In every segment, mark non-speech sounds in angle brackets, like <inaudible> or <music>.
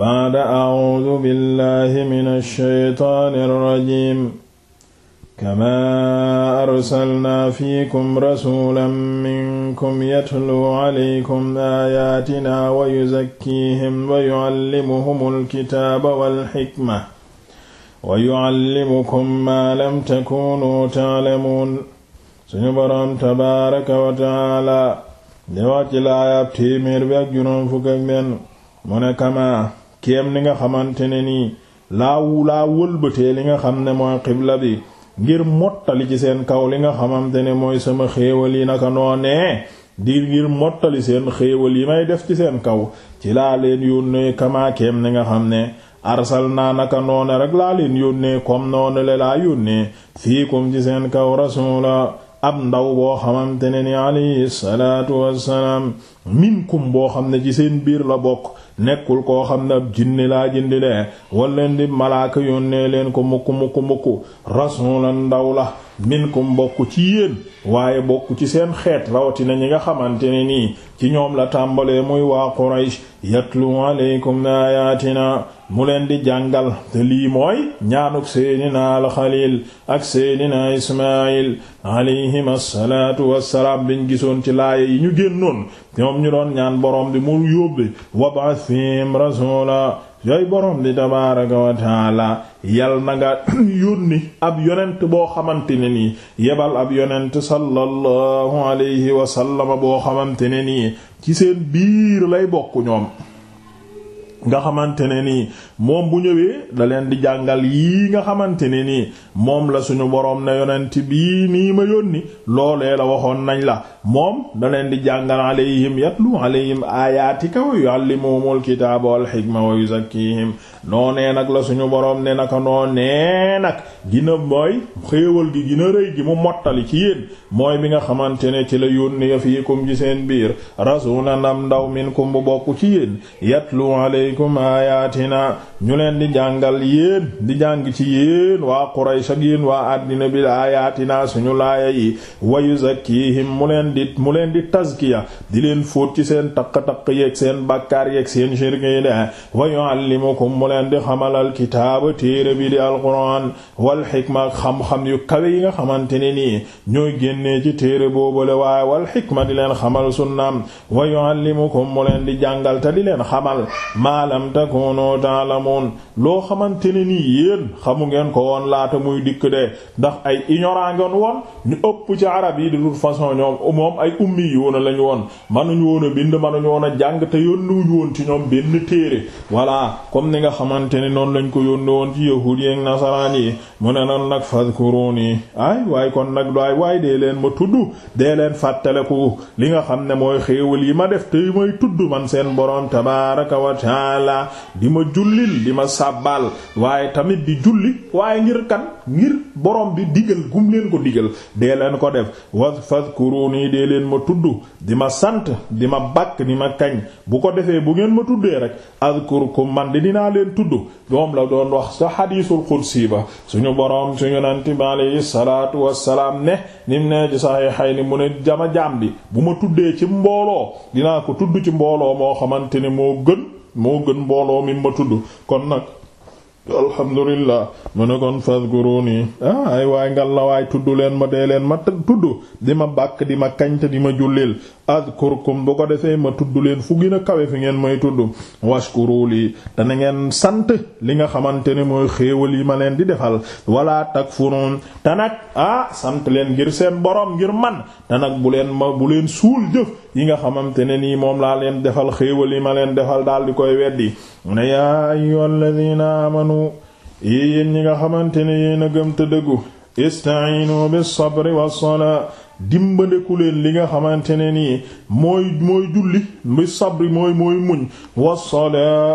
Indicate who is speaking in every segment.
Speaker 1: baada acuudu billahi min alsheytaan alrajim kama arsalnaa fiikum rasuula minkum yatluu calaykum aayaatina wa yuzakkiihim wa yucallimuhum alkitaaba walxikma wa yucallimukum maa lam takuunuu taclamuun suñu boroom tabaaraka wa tacaala di wax ci laayab téeméer bi ak juróom fukk ak benn mu ne kamaa kéem li nga xamante ne nii laawu laa wëlbatee li nga xam ne mooy xibla bi ngir mottali ci seen kaw li nga xamante ne mooy sama xéewal yi naka noonee di ngir mottali seen xéewal yi may def ci seen kaw ci laa leen yónnee kamaa kéem li nga xam ne arsal naa naka noone rek laa leen yónnee comme noonu le laa yónnee fiikum ci seen kaw rasuula ab ndaw boo xamante ne ni alayhi salaatu wassalaam minkum boo xam ne ci seen biir la bokk nekkul koo xam ne ab jinni laa jindi de walleen di malaaka yónnee leen ko mukku mukku mukku rasulan ndaw la minkum bokk ci yéen waaye bokk ci seen xeet rawatina ñi nga xamante ne nii ci ñoom la tàmbalee muy waa Quraysh yatlu alaykum ayatina mu leen di jàngal te lii mooy ñaanuk seydina alxalil ak seydina ismail alayhim assalaatu wassalaam biñ gisoon ci laaya yi ñu génnoon ñoom ñu doon ñaan borom bi mu yóbbe wab'ath fihim rasuula yooyu borom di tabaaraka wa taala yal na nga <clears throat> yónni ab yonent boo xamante ne nii yebal ab yonent sallallahu alayhi wa boo xamante ne nii ci seen biir lay bokk ñoom nga xamante ne nii moom bu ñëwee da leen di jàngal yii nga xamante ne nii moom la suñu boroom ne yonent bii nii ma yónni loolee la waxoon nañ la moom da leen di jàngal alayhim yatlu alayhim ayatika wa yuallimuhumul kitaaba wal hikma wa yuzakkihim noonee nag la suñu boroom ne naka noonee nag gina mooy xéewal gi gi mu mottali ci yéen mooy bi nga xamante ne ci la yónni fiikum ci seen biir rasulan am ndaw minkum bu bokk ci yéen yatlu alayhim aleykum ayatina ñu leen di jàngal yéen di jàng ci yéen waa Quraysh ak yéen waa àddina bi ayatina suñu laaya yi wa yuzakkihim mu leen di mu leen di tazkiya di leen fóot ci seen taq-taq yeeg seen bakkaar yeeg seen shirk yi de wa yuallimukum mu leen di xamalal alkitaaba téere bi di alquran wal xikma xam-xam yu kawe yi nga xamante ne nii ñooy génnee ci téere boobale waaye wal xikma di leen xamal sunnaam wa yuallimukum mu leen di jàngal di leen xamal maa lam takunu ta'lamun loo xamante ni nii yéen xamu ngeen ko woon laata muy dikk de ndax ay ignorant ngeen woon ñu ëpp ci arab yi de toute façon ñoom moom ay ummi yi woon lañu woon manuñu woon a bind manuñu woon a jàng te yónnuñu woon ci ñoom benn téere voilà comme ni nga xamante ne noon lañ ko yónnu woon ci yahuud yi ak nasaraan yi mu ne noonu nag fadkuruni ay waaye kon nag daay waaye dee leen ma tudd dee leen fàttaleku li nga xam ne mooy xéewal yi ma def te may tudd man seen taala di ma jullil di ma sàbbaal waaye tamit di julli waaye ngir kan ngir boroom bi digal gum leen ko digal dee leen ko def wa fadkuruni dee leen ma tudd di ma sant di ma bàkk di ma kañ bu ko defee bu ngeen ma tuddee rek azkurkum man di dinaa leen tudd moom la doon wax sa xadiisul xudsi ba suñu borom suñu nanti bi alayhi salaatu wassalaam ne nim ne ci ni mu ne jama jaam bi bu ma tuddee ci mbooloo dinaa ko tudd ci mbooloo moo xamante ne moo gën moo gën mbooloo mi ma tudd kon nag alhamdulillah mu ne kon fadkuruni ah ay waay ngal la waay tudd leen ma dee leen ma tudd di ma bàkk di ma kañte di ma jullil adkurkum bu ko defee ma tudd leen fu gën kawe fi ngeen may tudd washkuruli te na ngeen sant li nga xamante ne mooy xéewal yi ma leen di defal wala takfurun te nag ah sant leen ngir seen borom ngir man te nag bu leen ma bu leen suul jëf yi nga xamante ne nii moom laa leen defal xéewal yi ma leen defal daal di koy weddi mu noonu yéen ñi nga xamante ne yéen a gëm te dëggu ista'iinu bis-sabri was dimbandeku leen li nga xamante ne nii mooy mooy julli bi sabri mooy mooy muñ was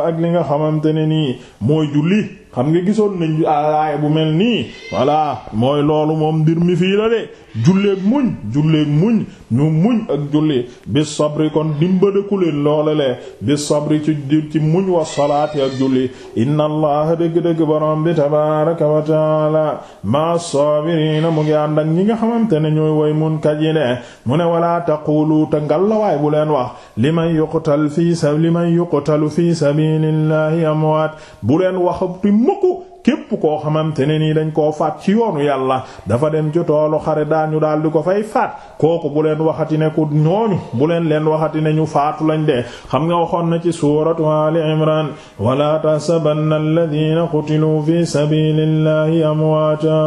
Speaker 1: ak li nga xamante ne nii mooy julli xam nga gisoon nañ aaya bu mel nii voilà mooy loolu moom ndir mi fii la de julleeg muñ julleeg muñ ñu muñ ak julli bi sabri kon dimbadaku leen loole le bi sabri ci ci muñ wa salaati ak julli inna allaha dëgg-dëgg borom bi tabaraka wa taala ma sabirina mu ngi ànd ak ñi nga xamante ne ñooy way mun kaj yi ne mu ne wala taqulu te ngal lawaay bu leen wax li man yuqtal sa yuqtalu fii sabilillahi amwaat bu leen wax mukk képp koo xamante ne nii dañ koo faat ci yoonu yàlla dafa dem ci toolu xare daañu daal di ko fay faat kooku bu leen waxati ne ku ñooñu bu leen leen waxati ne ñu faatu lañ dee xam nga waxoon na ci suuratu Ali Imran wala tahsabanna alladhina qutilu fi sabilillahi amwaata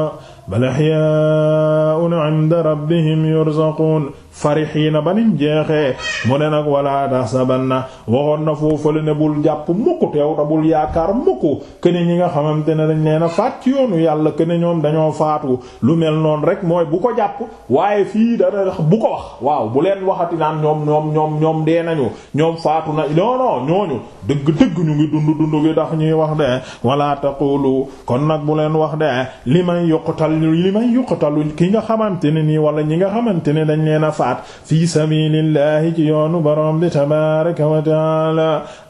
Speaker 1: bal ahyaa'un 'inda rabbihim yurzaqun farixiina ba niñ jeexee mu ne nag wala tahsabanna waxoon na foofale ne bul jàpp mukk teew ta bul yaakaar mukk kene ñi nga xamante ne dañ leen a faat ci yoonu yàlla kene ñoom dañoo faatu lu mel noonu rek mooy bu ko jàpp waaye fii dara bu ko wax waaw bu leen waxati naan ñoom ñoom ñoom ñoom dee nañu ñoom faatu na non non ñooñu dëgg dëgg ñu ngi dund dund gi tax ñuy wax de wala taqulu kon nag bu leen wax de li may yuqtal li may yuqtalu ñi nga xamante ne dañ leen faat fii sabilillahi ci yoonu boroom bi tabaraka wa taala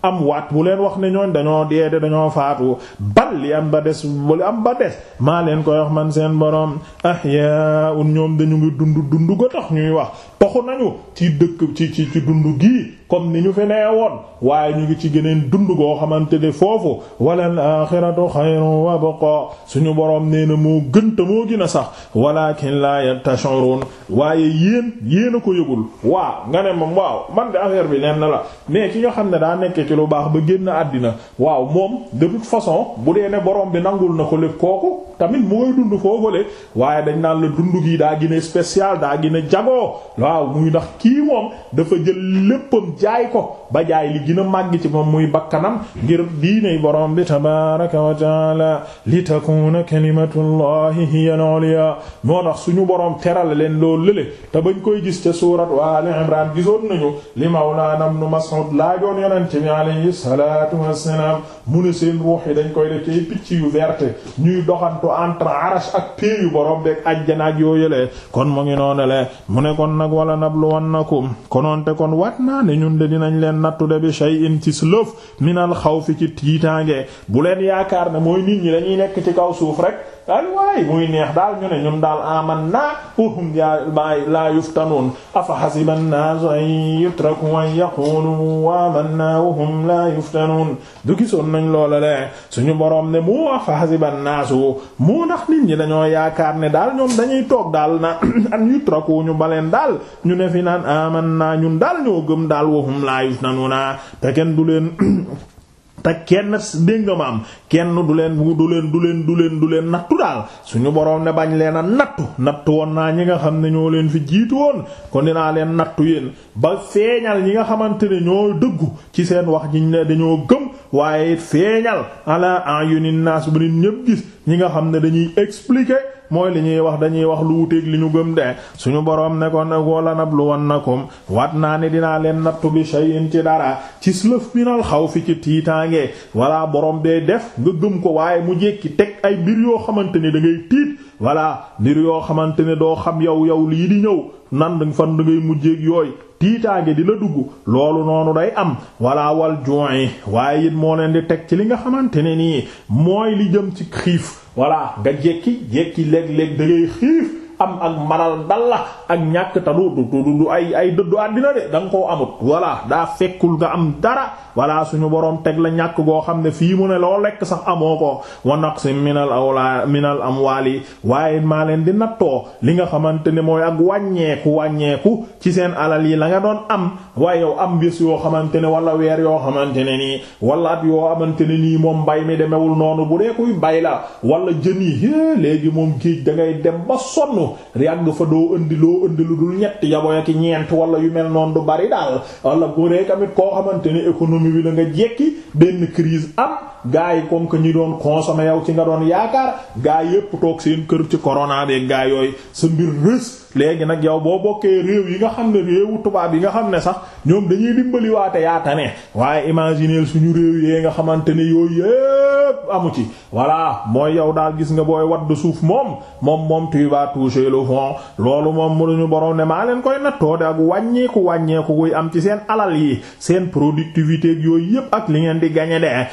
Speaker 1: am waat bu leen wax ne ñooñ dañoo deede dañoo faatu bal li am ba des li am ba des maa leen koy wax man seen borom ahyaun ñoom dañu ngi dund dund ko tax ñuy wax toxu nañu ci dëkk ci ci ci dund gii comme ni ñu fi nee woon waaye ñu ngi ci geneen dund goo xamante ne foofu walla axiratu xayrun wa baqa suñu borom nee na moo gën te moo gën a sax walakin la yatashurun waaye yéen yéen a ko yëgul waa nga ne moom waaw man de affaire bi nen na la mais ki nga xam ne daa nekkee ci lu baax ba génn àddina waaw moom de façon bu dee ne borom bi nangul na ko lépp kooku tamit mu ngay dund foofale waaye dañ naan la dund gi daa gën a daa gën a jagoo waaw muy ndax kii moom dafa jël léppam jaay ko ba jaay li gën a màgg ci moom muy bakkanam ngir diiney borom bi tabaraka wa taala li takuna kalimatullahi hiya al-ulya moo tax suñu borom teral leen loolu lële te bañ koy gis ca suurat wa ali imran gisoon nañu li mawlaana ibn Mas'ud laajoon yonente bi alayhi salaatu wassalaam mu ne seen ruux yi dañ koy def ci picc yu verte ñuy doxantu entre arash ak pee yu borom beeg ajjana ak yoo kon mu ngi noonu le mu ne kon nag wala nabluwannakum konoonte kon waat naa ne ñun de dinañ leen nattu de bi shay'in ci slëf minal xawfi ci tiitaange bu leen yaakaar ne mooy nit ñi dañuy nekk ci kaw suuf rek ay waay muy neex daal ñu ne yuftanuun afa hasiba nnaasu an yutraku an yaqulu amanna wa hum la yuftanuun du gisoon nañ loola le suñu boroom ne moo afa hasiba nnaasu mu ndax nit ñi dañoo yaakaar ne daal ñoom dañuy toog daal na <clears throat> an yutraku ñu baleen daal ñu ne fi naan amanna ñun daal ñoo gëm daal wa hum la yuftanuuna te kenn du leen <clears throat> te kenn dégg kenn du leen du leen du leen du leen du leen nattu daal suñu boroom ne bañ leen a nattu nattu woon naa ñi nga xam ne ñoo leen fi jiitu woon kon dinaa leen nattu yéen ba feeñal ñi nga xamante ne ñoo dëggu ci seen wax ji ñu ne dañoo gëm waaye it feeñal ala ayunin nas bu nit ñëpp gis ñi nga xam ne dañuy expliquer mooy li ñuy wax dañuy wax lu wuteeg li ñu gëm de suñu boroom ne kon wala nabluwannakum wat naa ne dinaa leen nattu bi shay'in ci dara ci slëf minal xaw fi ci tiitaange wala boroom bee def nga gëm ko waaye mu jekki teg ay mbir yoo xamante ni da ngay tiit wala mbir yoo xamante ne doo xam yow yow lii di ñëw nan fan da ngay yooyu tiitaange di la dugg loolu noonu day am walla wal ju'i waaye it moo leen di teg ci li nga xamante ne nii mooy li jëm ci xiif walla nga jekki jekki léeg-léeg da xiif am ak manal dal la ak ñàkk te du du du ay ay dëddu àddina de da nga koo amut voilà daa fekkul nga am dara voilà suñu boroom teg la ñàkk goo xam ne fii mu ne loo lekk sax amoo ko wa naqsim minal awla minal amwaali waaye maa leen di nattoo li nga xamante ne mooy ak wàññeeku wàññeeku ci seen alal yi la nga doon am waaye yow am bis yoo xamante ne wala weer yoo xamante ne nii wala at yoo xamante ne nii moom mbay mi demewul noonu bu dee kuy bay la wala jën yi léegi moom géej da ngay dem ba sonn noonu yàgg fa doo indi loo indi lu dul ñett yaboy ak ñeent wala yu mel noonu du bari daal wala bu tamit koo xamante ne économie bi la nga jekki benn crise am gaa yi comme que ñi doon consommer yow ci nga doon yaakaar gaa yépp toog seen kër ci corona de gaa yooyu sa mbir rës léegi nag yow boo bokkee réew yi nga xam ne réewu tubaab yi nga xam ne sax ñoom dañuy dimbali waate yaata ne waaye imaginer suñu réew yee nga xamante ne yooyu yépp amu ci voilà mooy yow daal gis nga booy wadd suuf moom moom moom tu vas toucher le fond loolu moom mënuñu borom ne maa leen koy nattoo de ak wàññeeku wàññeeku kuy am ci seen alal yi seen productivité yooyu yépp ak li ngeen di gagner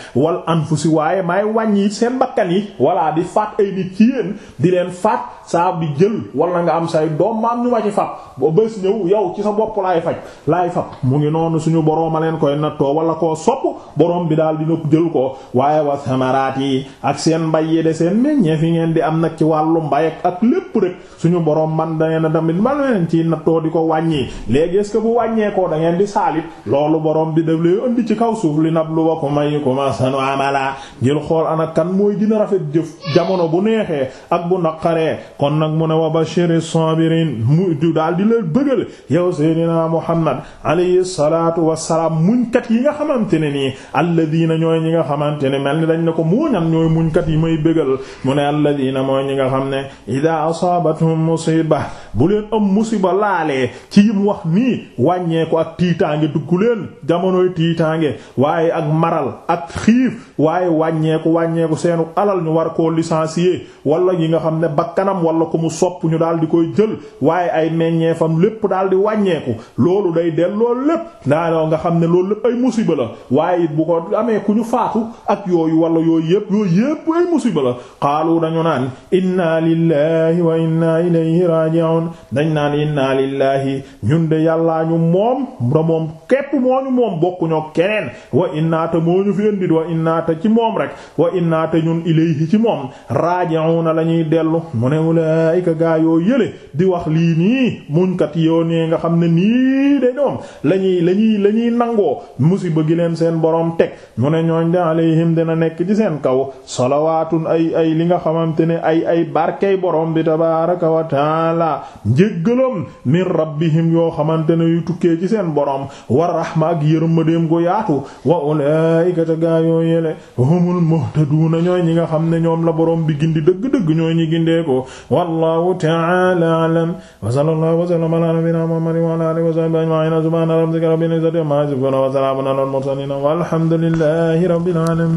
Speaker 1: anfusi waaye may wàññi seen bakkan yi walla di faat ay nit ci yéen di leen bi jël wala nga am say doom ma am ñu ma ba ñëw yow sa bopp laay laay fab mu ngi noonu suñu boroom a leen koy nattoo wala koo sopp boroom bi daal dina jël ko waaye wa samaraat yi ak seen mbay yi de seen meññeef yi ngeen di am nag ci wàllu mbay ak lépp rek suñu boroom man da ngeen tamit man leen ci nattoo di ko wàññi léegi est-ce que wàññeekoo da di saalit loolu boroom bi daf lay indi ci kaw suuf li nabluwakum ayyukum ahsanu balaa ngir xool ana kan mooy dina rafet jëf jamono bu neexee ak bu naqaree kon nag mu ne wa bashiri sabirin mu daal di leen bëggal yow seydina muhammad alayhi salatu wasalaam muñkat yi nga xamante ne nii alladina ñooy ñi nga xamante ne mel ni dañ ne ko mooñam ñooy muñkat yi may bëggal mu ne alladina mooy ñi nga xam ne ida asaabathum musiba bu leen am musiba laalee ci yim wax nii wàññee ko ak tiitaange dugg leen jamonoy tiitaange waaye ak maral ak waaye wàññeeku wàññeeku seenu alal ñu war ko licencier wala yi nga xam ne bakkanam wala ko mu sopp ñu daal di koy jël waaye ay meññeefam lépp daal di wàññeeku loolu day delloo lépp naa nga xam ne loolu lépp ay musiba la waaye bu ko amee ku ñu faatu ak yooyu wala yooyu yépp yooyu yépp ay musiba la xaalu dañu naan inna lillahi wa inna ilayhi raji'un dañ naan inna lillahi ñun de yàllaa ñu moom da moom képp moo ñu moom bokkuñoo keneen wa innaata te ci moom rek wa inna te ñun ilayhi ci moom raaji'una la ñuy dellu mu ne ulaa'ika gaa yoo yële di wax lii nii muñkat yoo nee nga xam ne nii de ñoom lañuy ñuy nangoo musiba gi leen seen borom teg mu ne ñooñ de alayhim dina nekk ci seen kaw salawaatun ay ay li nga xamante ne ay ay barkey borom bi tabaaraka wa taala njéggalam min rabbihim yoo xamante ne yu tukkee ci seen borom wa rahma ak yërmandeem gu yaatu wa ulaa'ika gaa yoo yële humul muhtaduuna ñooy ñi nga xam ne ñoom la boroom bi gindi dëgg-dëgg ñooy ñi gindee ko wallahu ta'ala a'lam wa sallallahu wa sallama ala nabiyyina muhammadin wa ala alihi wa sahbihi ajma'in subhana rabbika rabbil izzati amma yasifun wa salamun ala al mursalin walhamdulillahi rabbil alamin